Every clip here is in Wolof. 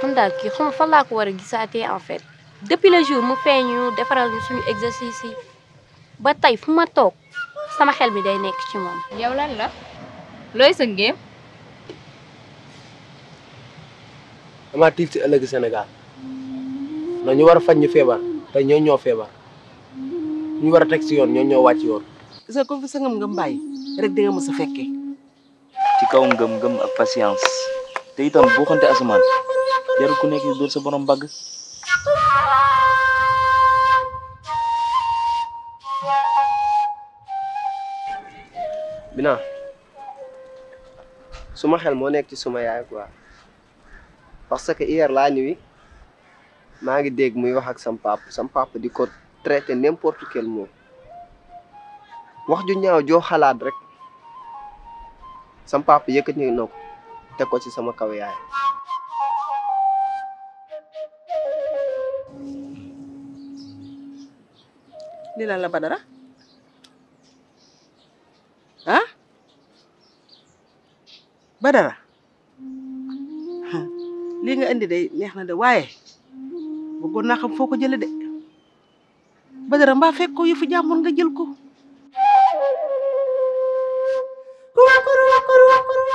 man dal ki xam fa la ko wara a en fait depuis le jour mu feñu defaral ñu suñu exercice ba tay fu ma sama xel bi day nekk ci mom yow lan la loy sa ngeem dama tiit ci ëlëg Sénégal na ñu wara fañ ñu feebar te ñoo ñoo feebar ñu wara tek ci yoon ñoo ñoo wacc yoon. sa ko fi sa ngam ngam bay rek di nga mësa a ci kaw ngam ngam ak patience te itam bu xanté asman jarul ku nek dur sa borom bag Bina suma xel mo nek ci suma yaay quoi parce que hier la nuit ma ngi deg muy wax ak sam pap sam pap di ko traiter n'importe quel mot wax ju ñaaw jo xalaat rek sam pap yëkkati ko ci sama kaw yaay lan la badara ah badara li nga andi day neex na de bu bëggoon na xam foko jele de badara mba fekk ko yëfu jamon nga jël ko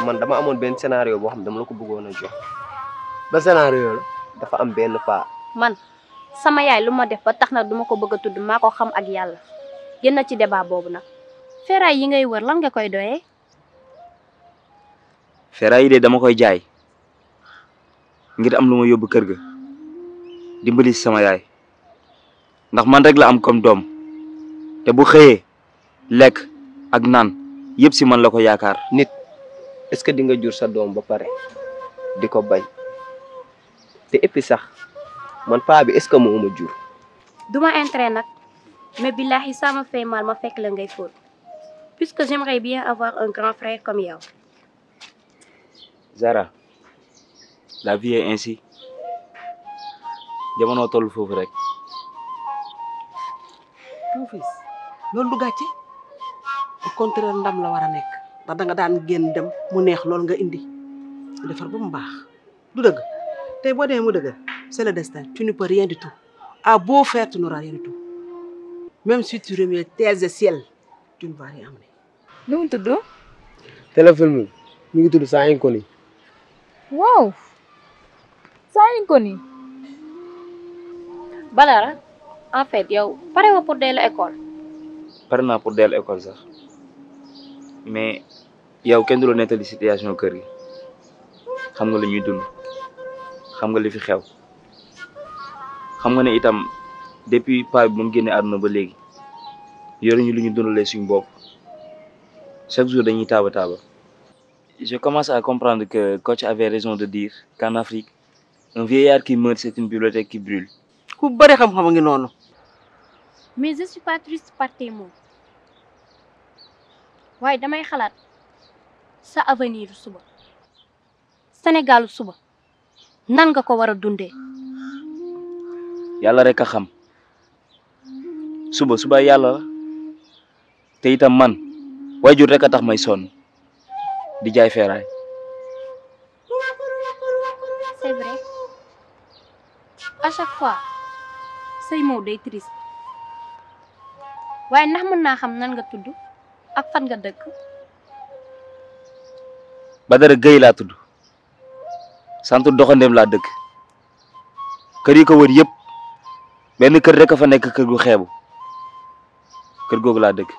man dama amone ben scenario bo xam dama la ko bëggona jox ba scenario la dafa am ben paa man sama yaay luma def ba taxna na duma ko bëgg tudd mako xam ak yalla genn ci débat bobu nak ferraille yi ngay wër lan nga koy doyé eh? ferraille de dama koy jaay ngir am luma yobbu kër ga dimbali sama yaay ndax man rek la am comme dom te bu xeyé lek ak nan yépp ci man la ko nit est-ce que di nga jur sa dom ba paré diko bay te épi sax man fa bi est ce que mo jur. duma entrer nak mais billahi ça me fait mal ma fek la ngay fóot puisque j'aimerais bien avoir un grand frère comme yow. Zara la vie est ainsi jamono toll fofu rek. ton fils loolu du gatché au contraire ndam la wara nek nekk da nga daan genn dem mu neex lolou nga indi defar bu mu baax du deug tay bo demee mu dëgg. C'est le destin. Tu ne peux rien du tout. À beau faire, tu n'auras rien du tout. Même si tu remets terre et ciel, tu ne vas rien amener. nu nous le téléfilm ça, tu tudd ça Inconnu. Waouh..! Ça Inconnu. Balara.. en fait yow pare nga pour dellu l'école? pare naa pour à l'école ça. mais yow kenn de la nettali situation kër gi xam la lu ñuy dund xam nga li fi xew xam nga ne itam depuis paa bi mu génnee àdduna ba léegi yoruñu lu ñu dundalee suñu bopp chaque jour dañuy taaba taaba. je commence à comprendre que coach avait raison de dire qu'en Afrique un vieillard qui meurt c'est une bibliothèque qui brûle. ku bëri xam-xam ngi noonu. mais je suis pas triste par tes mots waaye damay xalaat sa avenir suba Sénégal suba nan nga ko war a dundee. yalla rek a xam suba suba yàlla te itam man waajur rek tax may son di jay feray c'est vrai à chaque fois say moo day triste waaye ndax mën naa xam nan nga tudd ak fan nga dëkk. Badara Gueye laa tudd sant doxandéem laa dëkk kër ko wër yëpp benn kër rek a fa nekk kër gu xeebu kër googu laa dëkk